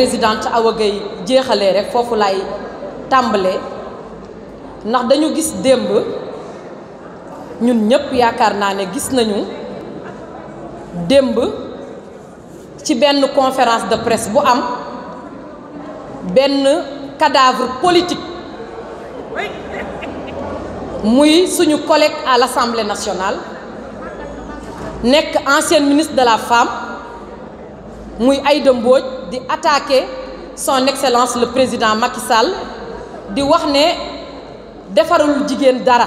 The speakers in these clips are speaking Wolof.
présidente Awagay Gueye rek fofu lay tambalé ndax dañu gis demb ñun ñëpp nous nañu demb ci benn conférence de presse bu am benn cadavre politique muy suñu collègue à l'Assemblée nationale nekk ancien ministre de la femme muy a été di attaquer son excellence le président Macky Sall di wax né défarul jigen dara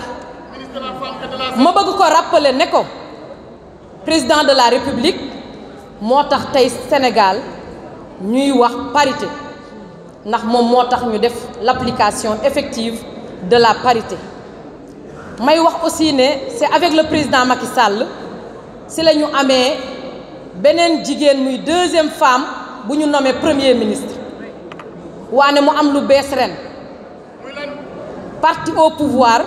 ma bëgg ko rappeler que ko président de la république motax tay Sénégal ñuy wax parité ndax mom motax ñu l'application effective de la parité may wax aussi Né, c'est avec le président Macky Sall c'est la ñu benen jigen muy deuxième femme buñu ñu nommé premier ministre waane mu am lu bees ren parti au pouvoir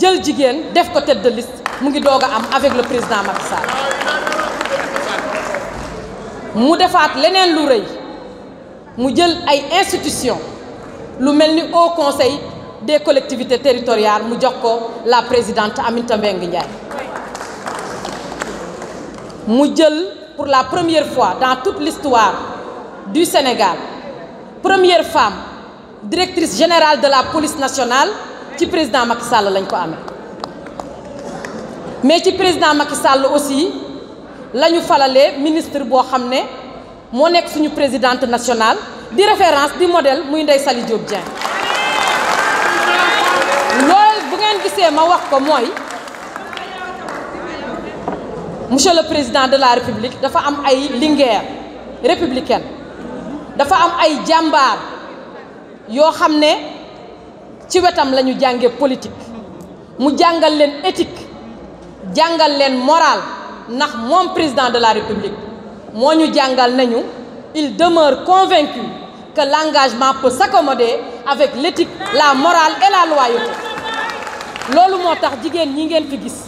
jël jigen def ko tête de liste mu ngi doga am avec le président Macky Sall mu defaat lenen lu reuy mu jël ay institutions lu melni au haut conseil des collectivités territoriales mu jox ko la présidente Aminata Mbengue Ndiaye mu jël pour la première fois dans toute l'histoire du Sénégal première femme directrice générale de la police nationale qui président Macky Sall lañ ko mais qui président Macky Sall aussi la falalé ministre de xamné police nek qui suñu présidente nationale di référence di modèle muy ndey Saly Diop Dieng Lol bu ngeen ma wax ko monsieur le président de la république dafa am ay linguère républicaine dafa am ay a yoo xam ne ci wetam la ñu politique mu jàngal leen éthique jàngal leen morale ndax moom président de la république moo ñu nañu il demeure convaincu que l'engagement peut s'accommoder avec l'éthique la morale et la loyauté loolu moo que jigéen ñi ngeen fi gis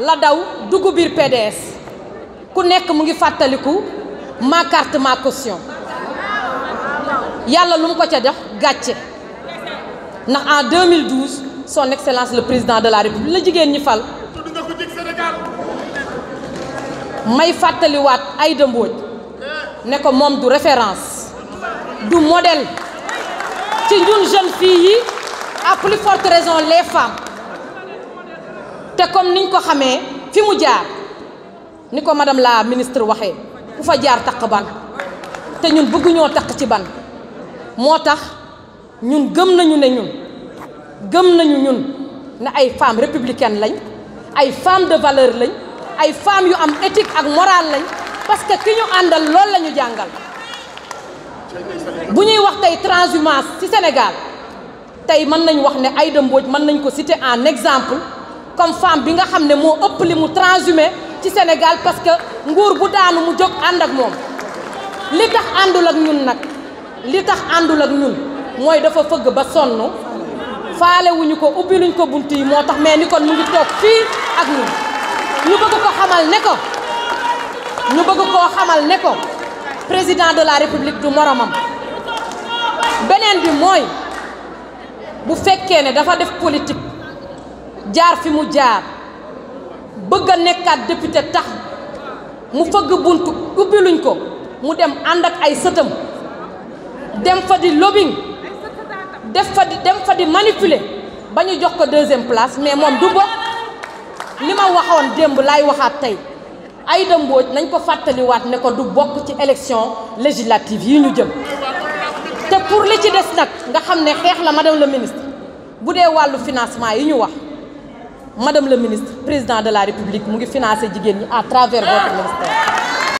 la daw bir PDS ku nek mu ngi ma carte ma caution Yalla lu en 2012 son excellence le président de la république la jigen ñi fal may wat Aïda ne ko du référence du modèle ci une jeune fille A plus forte raison les femmes te comme niñ ko xamee fi mu jaar ni ko madame la ministre waxee ku fa jaar takk ban te ñun bëgguñoo takk ci ban moo tax ñun gëm nañu ne ñun gëm nañu ñun ne ay femmes républicaines lañ ay femmes de valeur lañ ay femmes yu am éthique ak morale lañ parce que ki ñu àndal loolu la jàngal bu ñuy wax tey transhumance ci Sénégal tey mën nañ wax ne ay Mbodj mën nañ ko citer en exemple comme femme bi nga xamné mo moo li mu transhumé ci Sénégal parce que nguur bu daanu mu jog and ak mom li tax andul ak ñun nak li tax andul ak ñun moy dafa feug ba faalé wuñu ko ubbi luñ ko bunti motax mais ni kon mu ngi tok fi ak ñun ñu bëgg ko xamal né ko ñu bëgg ko xamal né ko président de la république du moromam benen bi moy bu fekké né dafa def politique jaar fi mu jaar bëgg a député tax mu fëgg buntu ubbi luñ ko mu dem ànd ak ay sëtam dem fa di lobbying def fa di dem fa di manipuler bañu jox ko deuxième place mais moom du bokk li ma waxoon démb laay waxaat tey Aïda Mbodj nañ ko fàttaliwaat ne ko du bokk ci élection législative yi ñu jëm te pour li ci des nag nga xam ne xeex la madame le ministre bu dee wàllu financement yi ñu wax madame le ministre président de la république mu ngi financé jigéen ñi à travers votre ministère